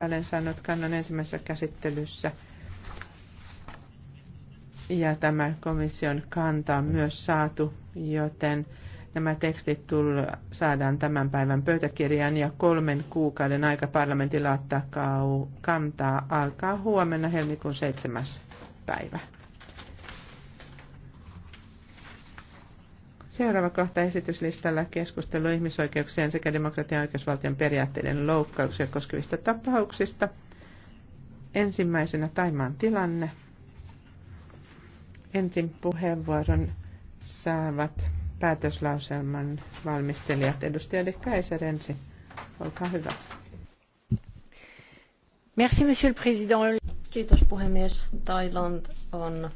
olen saanut kannan ensimmäisessä käsittelyssä. Ja tämä komission kanta on myös saatu, joten nämä tekstit tulla, saadaan tämän päivän pöytäkirjaan ja kolmen kuukauden aika parlamentilla ottaa kantaa alkaa huomenna helmikuun 7. päivä. Seuraava kohta esityslistalla keskustelu ihmisoikeuksien sekä demokratian ja oikeusvaltion periaatteiden loukkauksia koskevista tapauksista. Ensimmäisenä Taimaan tilanne. Ensin puheenvuoron saavat päätöslauselman valmistelijat. Edustaja Dekkaiser ensin. Olkaa hyvä. Merci, monsieur le président. Kiitos puhemies. Thailand on